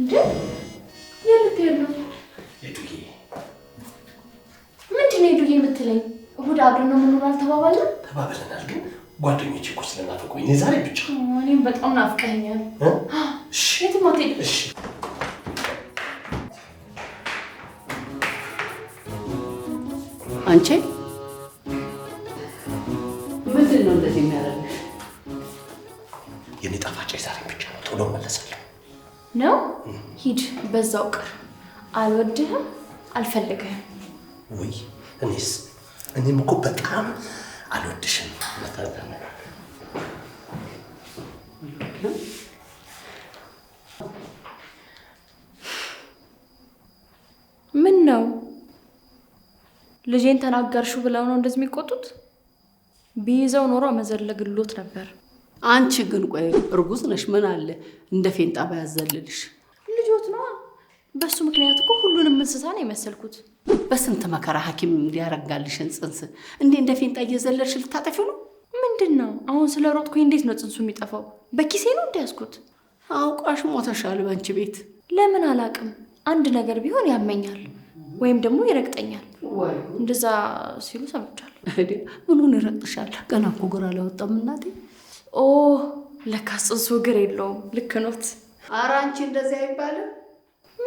እንዴ የምትሄድ ነው? የዱዬ ምንድን ነው የምትለኝ? እሑድ አብረን ነው አልተባባልንም? ተባብለናል፣ ግን ጓደኞቼ እኮ ስለናፈቁኝ እኔ ዛሬ ብቻ። እኔም በጣም ናፍቀኛል። አልወድህም፣ አልፈልግህም። ውይ እኔስ እኔም እኮ በጣም አልወድሽም። ምን ነው ልጄን ተናገርሽው ብለው ነው እንደዚህ የሚቆጡት? ቢይዘው ኖሮ መዘለግሎት ነበር። አንቺ ግን ቆይ እርጉዝ ነሽ፣ ምን አለ እንደ ፌንጣ ባያዘልልሽ በሱ ምክንያት እኮ ሁሉንም እንስሳ ነው የመሰልኩት። በስንት መከራ ሐኪም እንዲያረጋልሽን ጽንስ እንዴ እንደ ፌንጣ እየዘለልሽ ልታጠፊው ነው? ምንድን ነው አሁን ስለ ሮጥኩ እንዴት ነው ጽንሱ የሚጠፋው? በኪሴ ነው እንዳያዝኩት። አውቃሽ ሞተሻል። በአንቺ ቤት ለምን አላቅም። አንድ ነገር ቢሆን ያመኛል ወይም ደግሞ ይረግጠኛል። እንደዛ ሲሉ ሰምቻለሁ። ምኑን ይረግጥሻል? ገና እኮ ግራ አላወጣም እናቴ። ኦ ለካ ጽንሱ እግር የለውም። ልክ ኖት። ኧረ እንደዚህ አይባልም።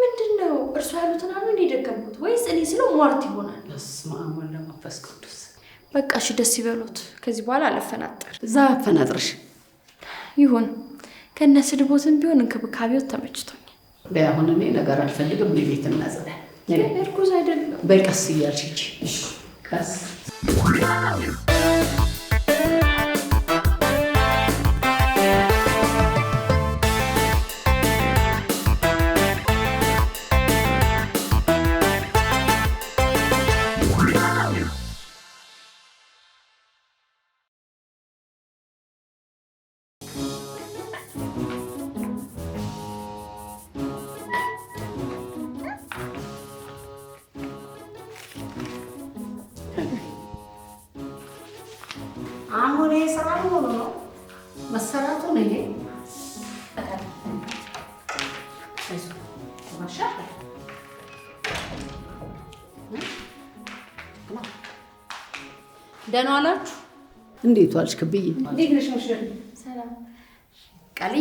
ምንድን ነው እርሱ ያሉትን አሉ እንደ ደገምኩት ወይስ እኔ ስለው ሟርት ይሆናል? በስመ አብ ወወልድ ወመንፈስ ቅዱስ። በቃ እሺ፣ ደስ ይበሉት። ከዚህ በኋላ አላፈናጥር። እዛ አፈናጥርሽ ይሁን። ከእነ ስድቦትን ቢሆን እንክብካቤዎት ተመችቶኛል። አሁን እኔ ነገር አልፈልግም። ቤት እናጽዳ። እርጉዝ አይደለም። በቀስ ቀስ እያልሽ ቀስ እንዴት ዋልሽ ክብዬ? እንዴት ነሽ ሙሽራ? ሰላም ቃሊ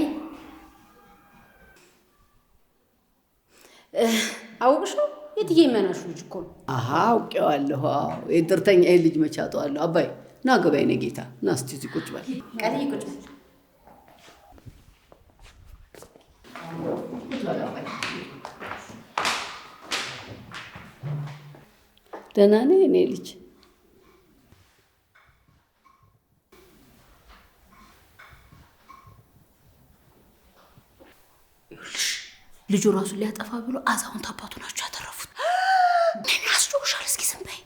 አውቅሽው የትዬ መናሹ ልጅ እኮ ነው። አውቄዋለሁ። የጥርተኛ ይሄን ልጅ መቼ አባይ ና ገባይ ነ ጌታ ና እስቲ እዚህ ቁጭ በል ቁጭ በል ደህና ነህ የእኔ ልጅ? ልጁ ራሱን ሊያጠፋ ብሎ አዛውንት አባቱ ናቸው ያተረፉት። ምን አስጮሻል? እስኪ ዝም በይ።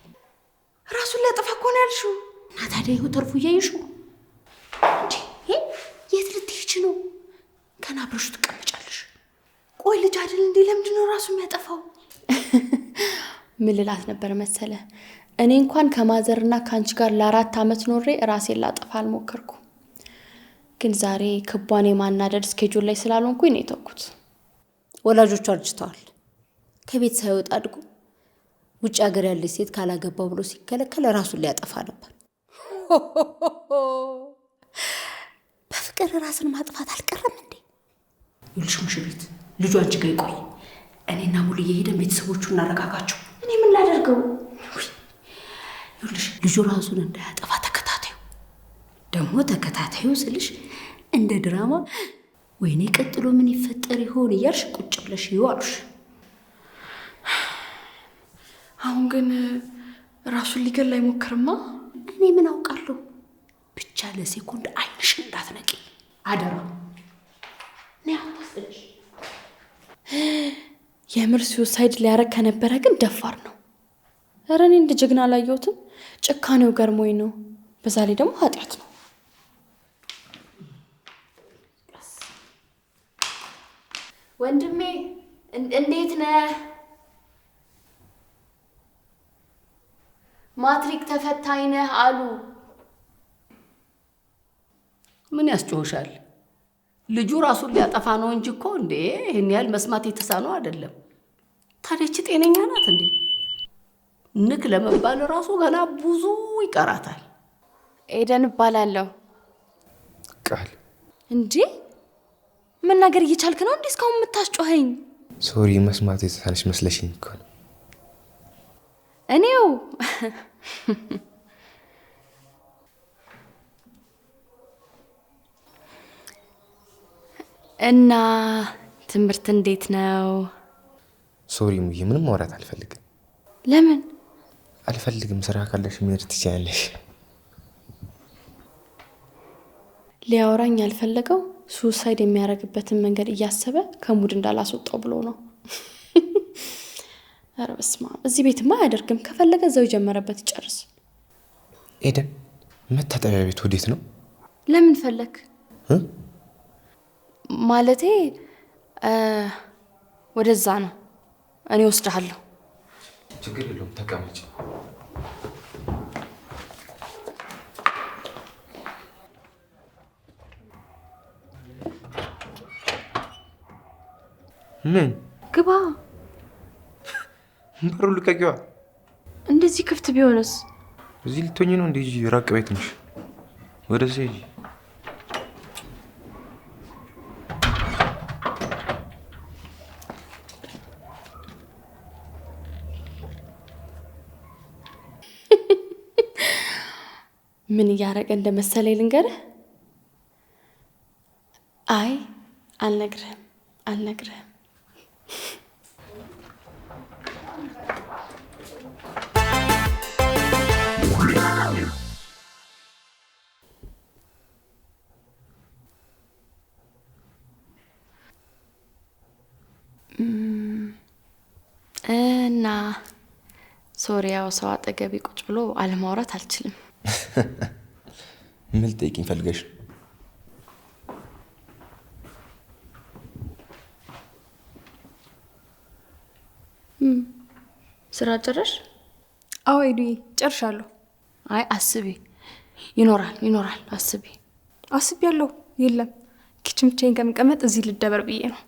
ራሱን ሊያጠፋ እኮ ነው ያልሽው። እና ታዲያ ይኸው ተርፉ የት ልትሄጂ ነው? ገና አብረሽው ትቀመጫለሽ። ቆይ ልጅ አይደል እንዴ? ለምንድን ነው ራሱ የሚያጠፋው? ምን ልላት ነበር መሰለ፣ እኔ እንኳን ከማዘርና ከአንቺ ጋር ለአራት ዓመት ኖሬ ራሴን ላጠፋ አልሞከርኩም። ግን ዛሬ ክቧን የማናደድ ስኬጁል ላይ ስላልሆንኩኝ ነው የተውኩት። ወላጆቹ አርጅተዋል። ከቤት ሳይወጣ አድጎ ውጭ ሀገር ያለች ሴት ካላገባው ብሎ ሲከለከል ራሱን ሊያጠፋ ነበር። በፍቅር ራስን ማጥፋት አልቀረም እንዴ? ይኸውልሽ ሙሽሪት፣ ልጁ አንቺ ጋ ይቆይ። እኔና ሙሉ እየሄደን ቤተሰቦቹ እናረጋጋቸው። እኔ ምን ላደርገው? ይኸውልሽ ልጁ ራሱን እንዳያጠፋ ተከታታዩ ደግሞ ተከታታዩ ስልሽ እንደ ድራማ ወይኔ ቀጥሎ ምን ይፈጠር ይሆን እያልሽ ቁጭ ብለሽ ይዩ አሉሽ። አሁን ግን ራሱን ሊገል አይሞክርማ። እኔ ምን አውቃለሁ። ብቻ ለሴኮንድ አይንሽ እንዳትነቂ አደራ። እኔ የምር ሱሳይድ ሊያረግ ከነበረ ግን ደፋር ነው። እረ እኔ እንደ ጀግና አላየሁትም። ጭካኔው ገርሞኝ ነው። በዛ ላይ ደግሞ ማትሪክ ተፈታኝ ነህ አሉ። ምን ያስጮሻል? ልጁ ራሱን ሊያጠፋ ነው እንጂ እኮ እንዴ! ይህን ያህል መስማት የተሳነው አይደለም። ታዲያች ጤነኛ ናት እንዴ? ንክ ለመባል ራሱ ገና ብዙ ይቀራታል። ኤደን እባላለሁ። ቃል እንዴ! መናገር እየቻልክ ነው እንዴ? እስካሁን የምታስጮኸኝ ሶሪ መስማት የተሳነች መስለሽኝ እኮ ነው። እኔው እና ትምህርት እንዴት ነው? ሶሪ ሙዬ፣ ምንም ማውራት አልፈልግም። ለምን አልፈልግም? ስራ ካለሽ ምንር ትችያለሽ። ሊያወራኝ አልፈለገው ሱሳይድ የሚያደርግበትን መንገድ እያሰበ ከሙድ እንዳላስወጣው ብሎ ነው። ኧረ በስመ አብ! እዚህ ቤትማ አያደርግም። ከፈለገ እዛው የጀመረበት ይጨርስ። ኤደን፣ መታጠቢያ ቤት ወዴት ነው? ለምን ፈለግ? ማለቴ ወደዛ ነው። እኔ ወስድሃለሁ። ችግር የለውም፣ ተቀመጭ ምን ግባ በሩ ልቀቂዋ። እንደዚህ ክፍት ቢሆንስ? እዚህ ልትሆኝ ነው እንደ ራቅ ቤት ነሽ ወደ ሴ ምን እያረቀ እንደመሰለኝ ልንገርህ። አይ አልነግርህም፣ አልነግርህም እና ሶሪያው ሰው አጠገቢ ቁጭ ብሎ አለማውራት አልችልም። ምን ልጠይቅኝ ፈልገሽ ነው? ስራ ጨረሽ? አዎ ኤዱዬ ጨርሻለሁ። አይ አስቤ ይኖራል ይኖራል አስቤ አስቢ ያለው የለም ኪችን ብቻዬን ከመቀመጥ እዚህ ልደበር ብዬ ነው።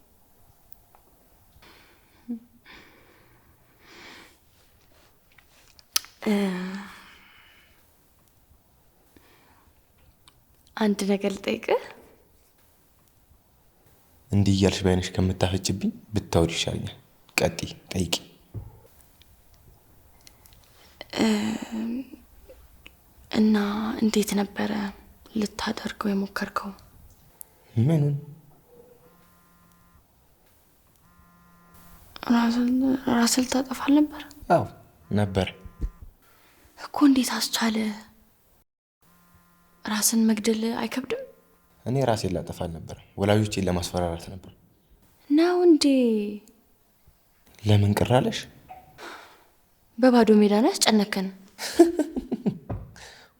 አንድ ነገር ልጠይቅህ። እንዲህ እያልሽ በአይነሽ ከምታፈጭብኝ ብታወድ ይሻለኛል። ቀጢ ጠይቂ እንዴት ነበረ ልታደርገው የሞከርከው? ምኑን? ራስ ልታጠፋል ነበር? አዎ ነበር እኮ። እንዴት አስቻለ? ራስን መግደል አይከብድም? እኔ ራሴን ላጠፋል ነበር፣ ወላጆቼን ለማስፈራራት ነበር። ነው እንዴ? ለምን ቅር አለሽ? በባዶ ሜዳ ነው ያስጨነከን።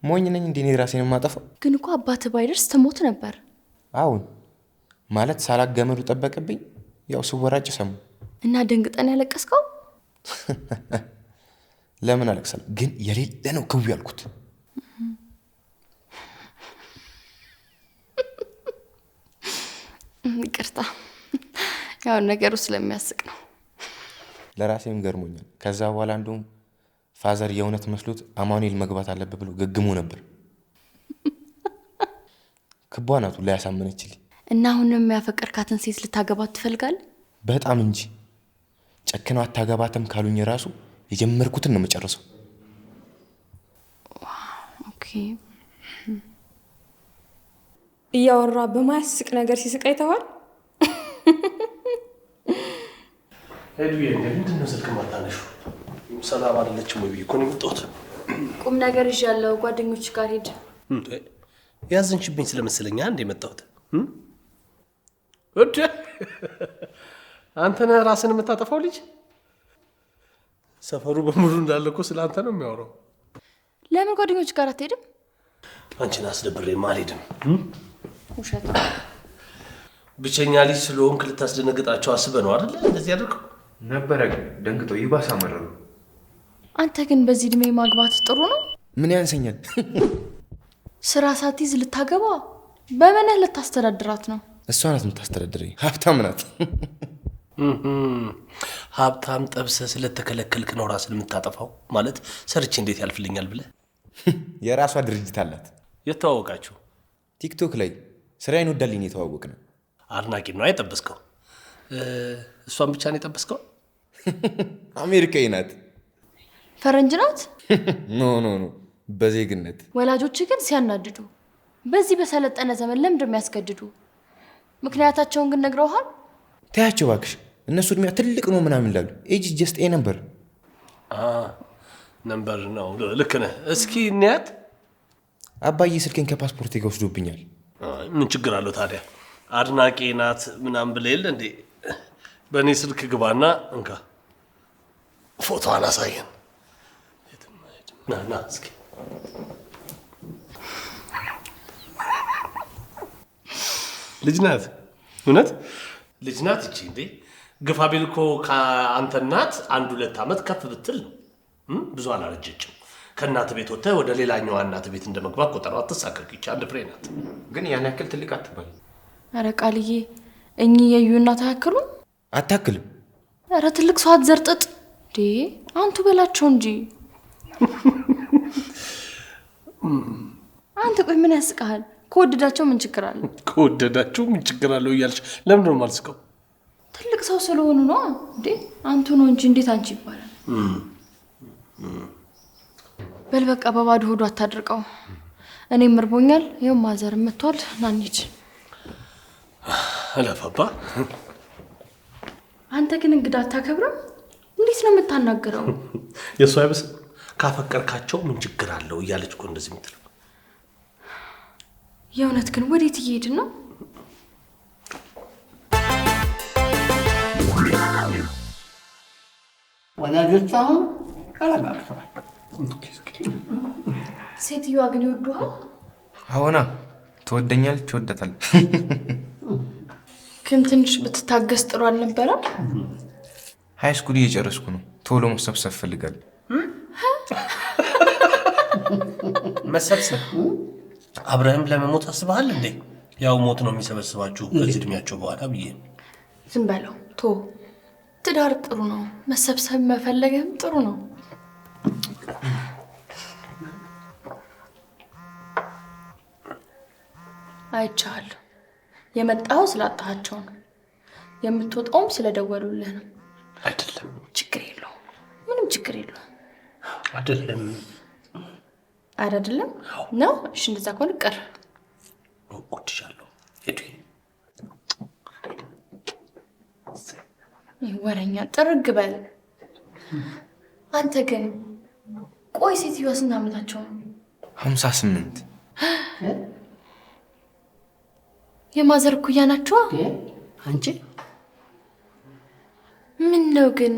ሞኝ ነኝ እንዴ? እኔ ራሴን የማጠፋው ግን እኮ አባት ባይደርስ ትሞት ነበር። አሁን ማለት ሳላክ ገመዱ ጠበቅብኝ። ያው ስወራጭ ሰሙ እና ደንግጠን ያለቀስከው ለምን አለቅሳል ግን የሌለ ነው ክው ያልኩት። ይቅርታ ያው ነገሩ ስለሚያስቅ ነው። ለራሴም ገርሞኛል። ከዛ በኋላ እንዲሁም ፋዘር የእውነት መስሎት አማኑኤል መግባት አለብ ብሎ ገግሞ ነበር። ክቧ ናቱ ላይ እና አሁንም የሚያፈቅርካትን ሴት ልታገባት ትፈልጋል? በጣም እንጂ ጨክነው አታገባትም ካሉኝ ራሱ የጀመርኩትን ነው የምጨርሰው። እያወራ በማያስቅ ነገር ሲስቅ አይተዋል። ሄዱ ምንድነው ስልክ ማታነሹ ሰላም አይደለችም ወይ ብዬሽ እኮ ነው የመጣሁት። ቁም ነገር ይዣለሁ። ጓደኞች ጋር ሄድ። ያዘንሽብኝ ስለመሰለኝ አንድ የመጣሁት እድ አንተ ነህ ራስን የምታጠፋው ልጅ። ሰፈሩ በሙሉ እንዳለ እኮ ስለ አንተ ነው የሚያወራው። ለምን ጓደኞች ጋር አትሄድም? አንቺን አስደብሬማ አልሄድም። ውሸት ብቸኛ ልጅ ስለሆንክ ልታስደነግጣቸው አስበህ ነው አይደለ? እንደዚህ አድርገው ነበረ ደንግጠው ይባስ አመረሩ። አንተ ግን በዚህ እድሜ ማግባት ጥሩ ነው? ምን ያንሰኛል? ስራ ሳትይዝ ልታገባ በምንህ ልታስተዳድራት ነው? እሷ ናት የምታስተዳድረኝ። ሀብታም ናት። ሀብታም ጠብሰ ስለተከለከልክ ነው ራስን የምታጠፋው። ማለት ሰርቼ እንዴት ያልፍልኛል ብለ የራሷ ድርጅት አላት። የተዋወቃችሁ ቲክቶክ ላይ ስራ ይንወዳልኝ የተዋወቅ ነው። አድናቂ ነው የጠበስከው? እሷን ብቻ ነው የጠበስከው? አሜሪካዊ ናት። ፈረንጅ ናት? ኖ ኖ ኖ፣ በዜግነት። ወላጆች ግን ሲያናድዱ፣ በዚህ በሰለጠነ ዘመን ለምን እንደሚያስገድዱ ምክንያታቸውን ግን ነግረውሃል? ታያቸው እባክሽ፣ እነሱ እድሜያ ትልቅ ነው ምናምን ይላሉ። ኤጅ ጀስት ኤ ነበር ነበር ነው። ልክ ነህ። እስኪ እንያት። አባዬ ስልኬን ከፓስፖርት ጋር ወስዶብኛል። ምን ችግር አለው ታዲያ? አድናቂ ናት ምናምን ብለህ የለ እንዴ? በእኔ ስልክ ግባና እንካ፣ ፎቶዋን አሳየን። ና ና እስኪ ልጅ ናት። እውነት ልጅ ናት። እቺ እንዴ ግፋ ቢል እኮ ከአንተ እናት አንድ ሁለት ዓመት ከፍ ብትል ነው። ብዙ አላረጀችም። ከእናት ቤት ወጥተህ ወደ ሌላኛዋ እናት ቤት እንደመግባት ቆጠሯ አትሳከክ። ይቺ አንድ ፍሬ ናት፣ ግን ያን ያክል ትልቅ አትባል። ኧረ ቃልዬ እኚህ የዩ እናት አያክሉም፣ አታክልም። ኧረ ትልቅ ሰው አትዘርጥጥ እንዴ አንቱ በላቸው እንጂ አንተ ቆይ ምን ያስቀሃል? ከወደዳቸው ምን ችግር አለ? ከወደዳቸው ምን ችግር አለው እያልሽ ለምን ነው የማልስቀው? ትልቅ ሰው ስለሆኑ ነው እንዴ? አንቱ ነው እንጂ እንዴት አንቺ ይባላል? በል በቃ በባዶ አታድርቀው። እኔም እርቦኛል። ይኸው ማዘር መጥቷል። ና አላፋባ። አንተ ግን እንግዳ አታከብርም። እንዴት ነው የምታናገረው የእሱ አይበስም ካፈቀርካቸው ምን ችግር አለው እያለች እኮ እንደዚህ የምትለው። የእውነት ግን ወዴት እየሄድን ነው? ወላጆች አሁን ተረጋግተዋል። ሴትዮዋ ግን ይወዱሃል። አዎና ትወደኛል፣ ትወደታል። ግን ትንሽ ብትታገስ ጥሩ አልነበረም? ሀይ ስኩል እየጨረስኩ ነው። ቶሎ መሰብሰብ ፈልጋለሁ መሰብሰብ አብረህም ለመሞት አስበሃል እንዴ? ያው ሞት ነው የሚሰበስባችሁ በዚህ እድሜያቸው በኋላ ብዬ ዝም በለው ቶ ትዳር ጥሩ ነው፣ መሰብሰብ መፈለግህም ጥሩ ነው። አይቻለሁ። የመጣው ስላጣሃቸው ነው። የምትወጣውም ስለደወሉልህ ነው። አይደለም ችግር የለውም፣ ምንም ችግር የለውም። አይደለም አረ አይደለም ነው። እሺ እንደዛ ከሆነ ቅር ወረኛ ጥርግ በል አንተ። ግን ቆይ ሴትዮዋ ስንት ዓመታቸው ነው? ሀምሳ ስምንት የማዘር እኩያ ናቸዋ። አንቺ ምን ነው ግን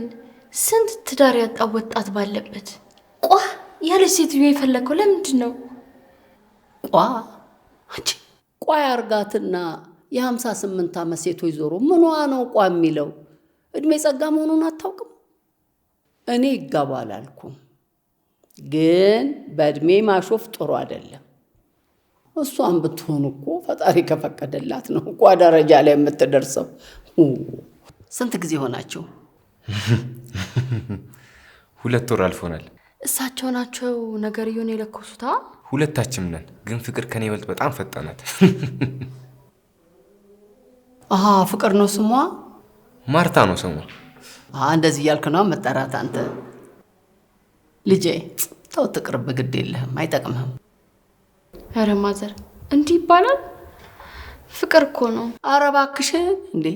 ስንት ትዳር ያጣ ወጣት ባለበት ቋ ያለች ሴትዮ የፈለግከው ለምንድን ነው? ቋ ቋ ያርጋትና የሀምሳ ስምንት ዓመት ሴቶች ዞሮ ምኗ ነው ቋ የሚለው? እድሜ ጸጋ መሆኑን አታውቅም። እኔ ይጋቡ አላልኩም፣ ግን በእድሜ ማሾፍ ጥሩ አይደለም። እሷን ብትሆን እኮ ፈጣሪ ከፈቀደላት ነው ቋ ደረጃ ላይ የምትደርሰው። ስንት ጊዜ ሆናቸው? ሁለት ወር አልፎናል። እሳቸው ናቸው ነገርየውን የለኮሱታ። ሁለታችም ነን፣ ግን ፍቅር ከኔ ይበልጥ በጣም ፈጠናት። አሀ ፍቅር ነው ስሟ? ማርታ ነው ስሟ። እንደዚህ እያልክ ነው መጠራት አንተ? ልጄ ተው ትቅርብ፣ ግድ የለህም አይጠቅምህም። ኧረ ማዘር እንዲህ ይባላል? ፍቅር እኮ ነው። ኧረ እባክሽን እንዴ!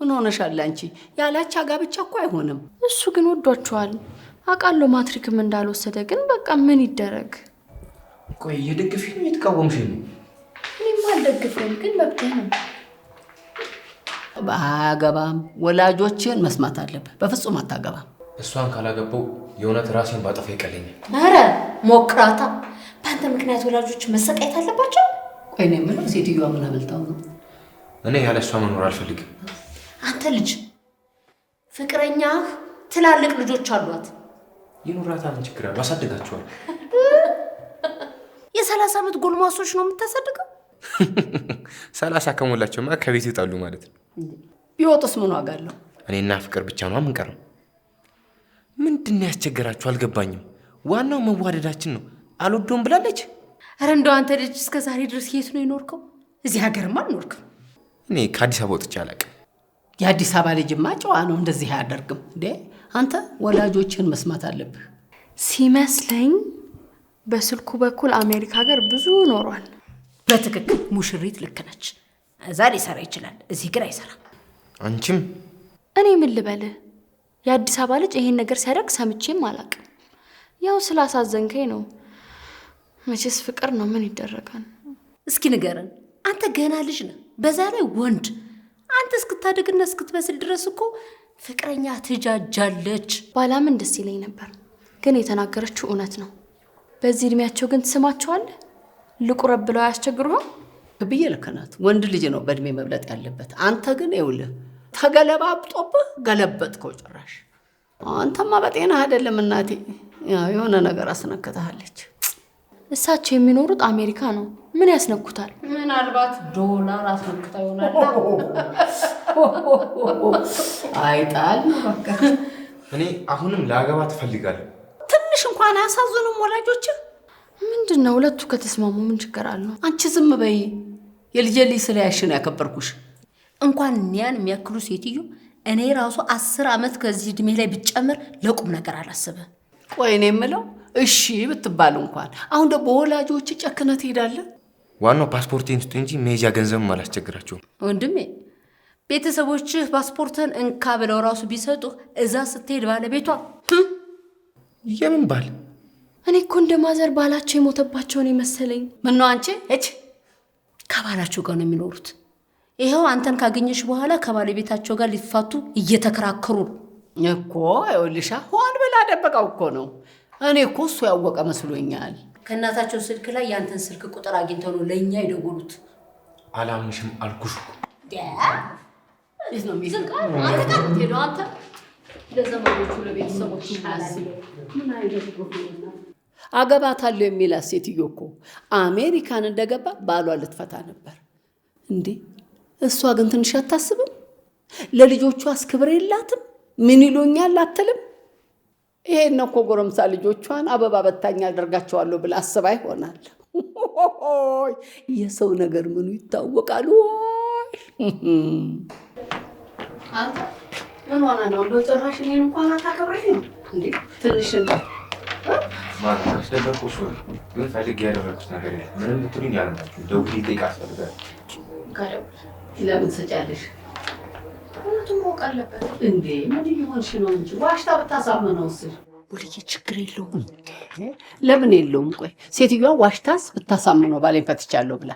ምን ሆነሻል አንቺ? ያላቻ ጋብቻ እኮ አይሆንም። እሱ ግን ወዷቸዋል አውቃለሁ ማትሪክም እንዳልወሰደ ግን በቃ ምን ይደረግ። ቆይ እየደግፍ ነው የተቃወምሽ ነው? እኔም አልደግፍም፣ ግን መብትህ ነው። አያገባም። ወላጆችን መስማት አለብህ። በፍጹም አታገባም። እሷን ካላገባው የእውነት ራሴን ባጠፋ ይቀለኛል። ኧረ ሞክራታ። በአንተ ምክንያት ወላጆች መሰቃየት አለባቸው? ቆይ ነው የምለው፣ ሴትዮዋ ምን አመልጣው ነው? እኔ ያለ እሷ መኖር አልፈልግም። አንተ ልጅ ፍቅረኛህ ትላልቅ ልጆች አሏት ይኑራታ። ችግር አለው? አሳድጋችኋል። የሰላሳ ዓመት ጎልማሶች ነው የምታሳድገው? ሰላሳ ከሞላቸውማ ከቤት ይወጣሉ ማለት ነው። ቢወጡስ ምን ዋጋ አለው? እኔና ፍቅር ብቻ ነው የምንቀረው። ምንድን ነው ያስቸገራችሁ? አልገባኝም። ዋናው መዋደዳችን ነው። አልወዶም ብላለች። ኧረ እንደው አንተ ልጅ እስከ ዛሬ ድረስ የት ነው የኖርከው? እዚህ ሀገርማ አልኖርክም። እኔ ከአዲስ አበባ ወጥቼ አላውቅም። የአዲስ አበባ ልጅማ ጨዋ ነው፣ እንደዚህ አያደርግም። አንተ ወላጆችን መስማት አለብህ። ሲመስለኝ በስልኩ በኩል አሜሪካ ሀገር ብዙ ኖሯል። በትክክል ሙሽሪት ልክ ነች። እዛ ሊሰራ ይችላል፣ እዚህ ግን አይሰራም። አንቺም እኔ ምን ልበልህ፣ የአዲስ አበባ ልጅ ይሄን ነገር ሲያደርግ ሰምቼም አላቅም። ያው ስላሳዘንከኝ ነው። መቼስ ፍቅር ነው፣ ምን ይደረጋል። እስኪ ንገረን፣ አንተ ገና ልጅ ነህ፣ በዛ ላይ ወንድ። አንተ እስክታደግና እስክትበስል ድረስ እኮ ፍቅረኛ ትጃጃለች ባላምን ደስ ይለኝ ነበር፣ ግን የተናገረችው እውነት ነው። በዚህ እድሜያቸው ግን ትስማቸዋል። ልቁረብ ብለው አያስቸግሩም ብዬ ልክ ናት። ወንድ ልጅ ነው በእድሜ መብለጥ ያለበት። አንተ ግን ይኸውልህ ተገለባብጦብህ ገለበጥከው። ጭራሽ አንተማ በጤና አይደለም እናቴ። የሆነ ነገር አስነክታሃለች። እሳቸው የሚኖሩት አሜሪካ ነው። ምን ያስነኩታል? ምናልባት ዶላር አስነኩታ ይሆናል። አይጣል እኔ አሁንም ለአገባ ትፈልጋለሁ። ትንሽ እንኳን አያሳዝኑም ወላጆች? ምንድን ነው ሁለቱ ከተስማሙ ምን ችግር አለው? አንቺ ዝም በይ። የልጄ ልጅ ስለ ነው ያከበርኩሽ። እንኳን ያን የሚያክሉ ሴትዮ እኔ ራሱ አስር ዓመት ከዚህ እድሜ ላይ ብጨምር ለቁም ነገር አላስብም። ቆይ እኔ የምለው እሺ ብትባል እንኳን አሁን ደግሞ ወላጆች ጨክነ ትሄዳለን። ዋናው ፓስፖርቴን ስጡ እንጂ መሄጃ ገንዘብም አላስቸግራቸውም። ወንድሜ ቤተሰቦችህ ፓስፖርትን እንካ ብለው ራሱ ቢሰጡ እዛ ስትሄድ ባለቤቷ የምን ባል? እኔ እኮ እንደ ማዘር ባላቸው የሞተባቸውን የመሰለኝ። ምነው አንቺ እች ከባላቸው ጋር ነው የሚኖሩት። ይኸው አንተን ካገኘሽ በኋላ ከባለቤታቸው ጋር ሊፋቱ እየተከራከሩ እኮ። ይኸውልሻ ሆን ብላ ደበቃው እኮ ነው። እኔ እኮ እሱ ያወቀ መስሎኛል። ከእናታቸው ስልክ ላይ ያንተን ስልክ ቁጥር አግኝተው ነው ለእኛ የደወሉት። አላምንሽም አልኩሽ አገባታለሁ የሚላት ሴትዮ እኮ አሜሪካን እንደገባ ባሏ ልትፈታ ነበር እንዴ። እሷ ግን ትንሽ አታስብም? ለልጆቿ አስክብር የላትም? ምን ይሉኛል አትልም? ይሄን እኮ ጎረምሳ ልጆቿን አበባ በታኝ አደርጋቸዋለሁ ብላ አስባ ይሆናል። የሰው ነገር ምኑ ይታወቃል? ምን ሆነ ነው እንደው ጭራሽ እኔን እንኳን አታከብረኝ ነው እንዴ? ትንሽ ግን ፈልግ ያደረኩት ነገር ምንም ለምን ትሰጫለሽ? ሁለቱም ማወቅ አለበት እንዴ። ምን እየሆንሽ ነው? እንጂ ዋሽታ ብታሳምነው ስል ወልዬ ችግር የለውም። ለምን የለውም? ቆይ ሴትዮዋ ዋሽታስ ብታሳምነው ባሌን ፈትቻለሁ ብላ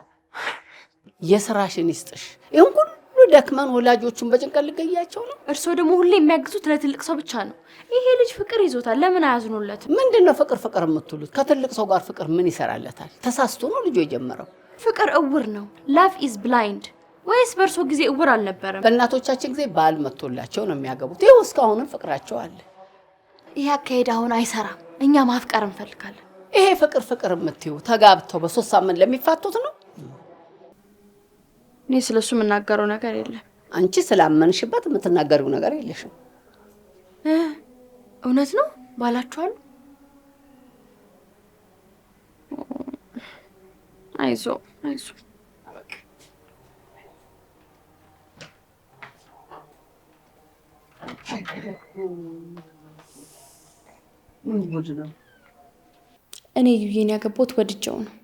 የስራሽን ይስጥሽ። ይህን ሁሉ ደክመን ወላጆቹን በጭንቀት ልገያቸው ነው። እርስዎ ደግሞ ሁሌ የሚያግዙት ለትልቅ ሰው ብቻ ነው። ይሄ ልጅ ፍቅር ይዞታል። ለምን አያዝኑለት? ምንድን ነው ፍቅር ፍቅር የምትሉት? ከትልቅ ሰው ጋር ፍቅር ምን ይሰራለታል? ተሳስቶ ነው ልጁ የጀመረው። ፍቅር እውር ነው። ላቭ ኢዝ ብላይንድ ወይስ በእርሶ ጊዜ እውር አልነበረም? በእናቶቻችን ጊዜ ባል መቶላቸው ነው የሚያገቡት። ይኸው እስካሁንም ፍቅራቸው አለ። ይህ አካሄድ አሁን አይሰራም። እኛ ማፍቀር እንፈልጋለን። ይሄ ፍቅር ፍቅር የምትዩ ተጋብተው በሶስት ሳምንት ለሚፋቱት ነው። እኔ ስለሱ የምናገረው ነገር የለም። አንቺ ስላመንሽበት የምትናገሪው ነገር የለሽም። እውነት ነው ባላችኋል። አይዞ አይዞ እኔ እዩዬን ያገባሁት ወድጀው ነው።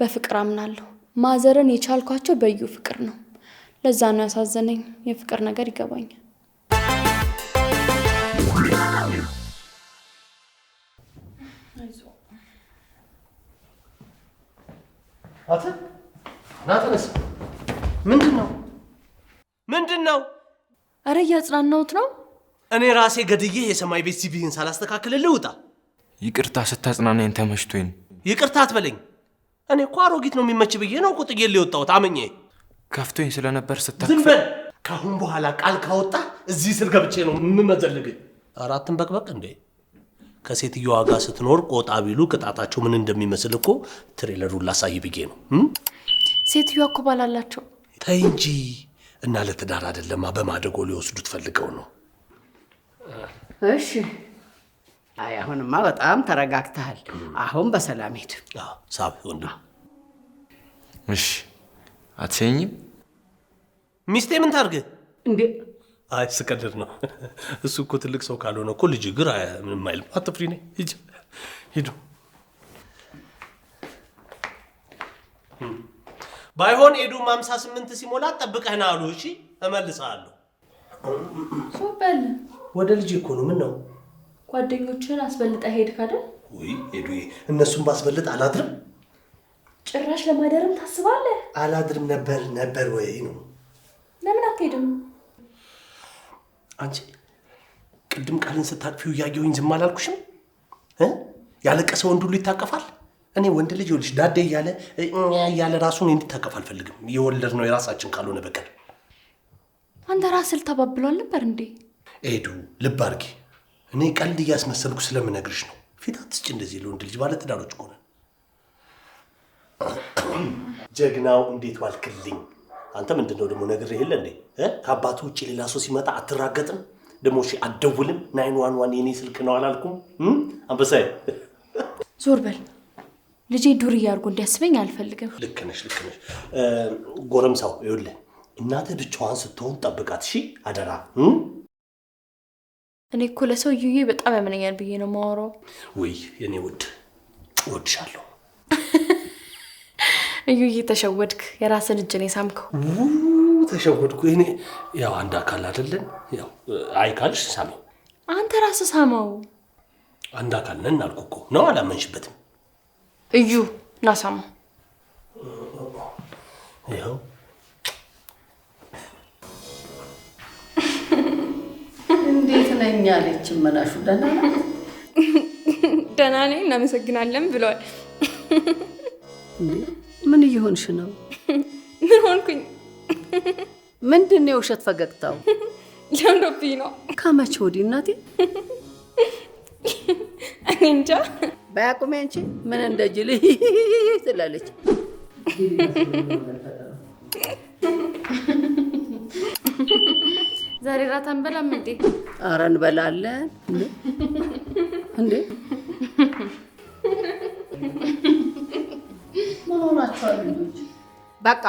በፍቅር አምናለሁ። ማዘርን የቻልኳቸው በዩ ፍቅር ነው። ለዛ ነው ያሳዘነኝ። የፍቅር ነገር ይገባኛል። ናተነስ ምንድን ነው ምንድን ነው አረ እያጽናናሁት ነው። እኔ ራሴ ገድዬ የሰማይ ቤት ሲቪህን ሳላስተካክልልህ ውጣ። ይቅርታ ስታጽናናኝ ተመችቶኝ። ይቅርታ አትበለኝ። እኔ እኮ አሮጊት ነው የሚመች ብዬ ነው ቁጥዬ ጥዬ ሊወጣሁት ከፍቶኝ ስለነበር ስታ ዝም በል። ከአሁን በኋላ ቃል ካወጣ እዚህ ስል ገብቼ ነው የምመዘልግ። አራትን በቅበቅ እንዴ ከሴትዮዋ ጋር ስትኖር ቆጣ ቢሉ ቅጣታቸው ምን እንደሚመስል እኮ ትሬለሩን ላሳይ ብዬ ነው። ሴትዮዋ እኮ ባላላቸው ተይ እንጂ እና ለትዳር አይደለማ በማደጎ ሊወስዱት ፈልገው ነው። እሺ። አይ አሁንማ በጣም ተረጋግተሃል። አሁን በሰላም ሄድ። ሳብ ወንድም። እሺ። አትሰኝም? ሚስቴ ምን ታርግ እንዴ? አይ ስቀልድ ነው። እሱ እኮ ትልቅ ሰው ካልሆነ እኮ ልጅ ግር ምንም አይልም። አትፍሪ ነኝ ሂዱ ባይሆን ኤዱም ሃምሳ ስምንት ሲሞላ ጠብቀህና አሉ። እሺ እመልስሃለሁ። ሶበል ወደ ልጅ እኮ ነው። ምን ነው ጓደኞችን አስበልጠ ሄድ ወይ ኤዱ፣ እነሱን ባስበልጥ አላድርም። ጭራሽ ለማደርም ታስባለህ? አላድርም ነበር ነበር ወይ ነው። ለምን አትሄድም? አንቺ ቅድም ቃልን ስታቅፊው እያየሁኝ ዝም አላልኩሽም? ያለቀሰ ወንድ ሁሉ ይታቀፋል እኔ ወንድ ልጅ ይኸውልሽ ዳዴ እያለ እያለ ራሱን እንዲታቀፍ አልፈልግም። የወለድ ነው የራሳችን ካልሆነ በቀር አንተ ራስ ልተባብሏል ነበር እንዴ? ኤዱ ልብ አድርጊ። እኔ ቀልድ እያስመሰልኩ ስለምነግርሽ ነው። ፊት አትስጭ እንደዚህ ለወንድ ልጅ ማለት ትዳሮች ከሆነ ጀግናው እንዴት ዋልክልኝ አንተ። ምንድን ነው ደግሞ ነግሬህ የለ እንዴ? ከአባቱ ውጭ ሌላ ሰው ሲመጣ አትራገጥም ደግሞ እሺ፣ አትደውልም ናይን ዋን ዋን የኔ ስልክ ነው አላልኩም? አንበሳዬ ዞር በል ልጄ ዱርዬ አድርጎ እንዲያስበኝ አልፈልግም። ልክ ነሽ፣ ልክ ነሽ። ጎረምሳው ይኸውልህ፣ እናትህ ብቻዋን ስትሆን ጠብቃት። እሺ አደራ። እኔ እኮ ለሰው እዩዬ በጣም ያምነኛል ብዬ ነው የማወራው። ውይ የኔ ውድ እወድሻለሁ። እዩዬ ተሸወድክ፣ የራስን እጅ ነው የሳምከው። ተሸወድኩ እኔ። ያው አንድ አካል አይደለን? ያው አይ ካልሽ ሳመው። አንተ ራስህ ሳመው። አንድ አካል ነን አልኩ እኮ ነው። አላመንሽበትም እዩ ናሳሙ ይኸው እንዴት ነኝ ያለች መላሹ ደህና ደህና ነኝ እናመሰግናለን ብለዋል። ምን እየሆንሽ ነው? ምን ሆንኩኝ? ምንድን ነው የውሸት ፈገግታው? ለምዶብኝ ነው። ከመቼ ወዲህ እናቴ? እኔ እንጃ። ባያቁሜ አንቺ ምን እንደ ጅል ትላለች። ዛሬ ራት አንበላም እንዴ? ኧረ እንበላለን እንዴ። ምን ሆናችኋል ልጆች? በቃ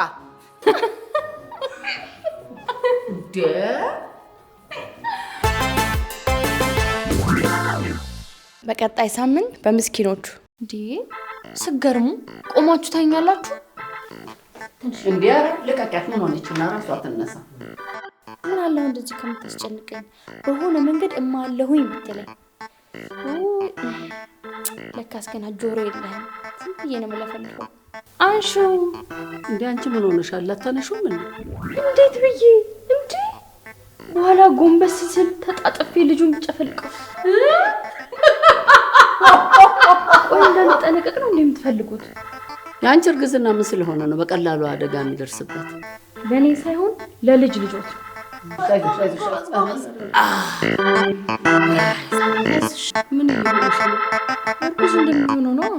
በቀጣይ ሳምንት በምስኪኖቹ እንዴ ስገርሙ ቆማችሁ ታኛላችሁ። እንዲ ልቀቂያት። ምን ሆነች? ና ራሷ ትነሳ። ምን አለሁ እንደዚህ ከምታስጨንቀኝ በሆነ መንገድ እማለሁኝ ምትለኝ ለካስ ገና ጆሮ የለህም። ዝም ብዬ ነው የምለፈልፈው። አንሹ። እንዲ አንቺ ምን ሆነሻል? አታነሹም? እንዴት ብዬ እንዲ በኋላ ጎንበስ ስል ተጣጥፌ ልጁን ጨፈልቀው ወይ እንዳንጠነቀቅ ነው እንደ የምትፈልጉት? የአንቺ እርግዝና ምን ስለሆነ ነው በቀላሉ አደጋ የሚደርስበት? ለእኔ ሳይሆን ለልጅ ልጆች ምን እንደሚሆኑ ነው